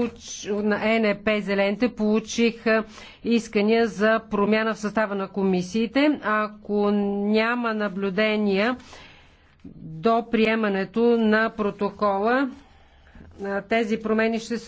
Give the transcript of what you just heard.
получ... на ЕНП Зелените получих искания за промяна в състава на комисиите. Ако няма наблюдения до приемането на протокола, тези промени ще се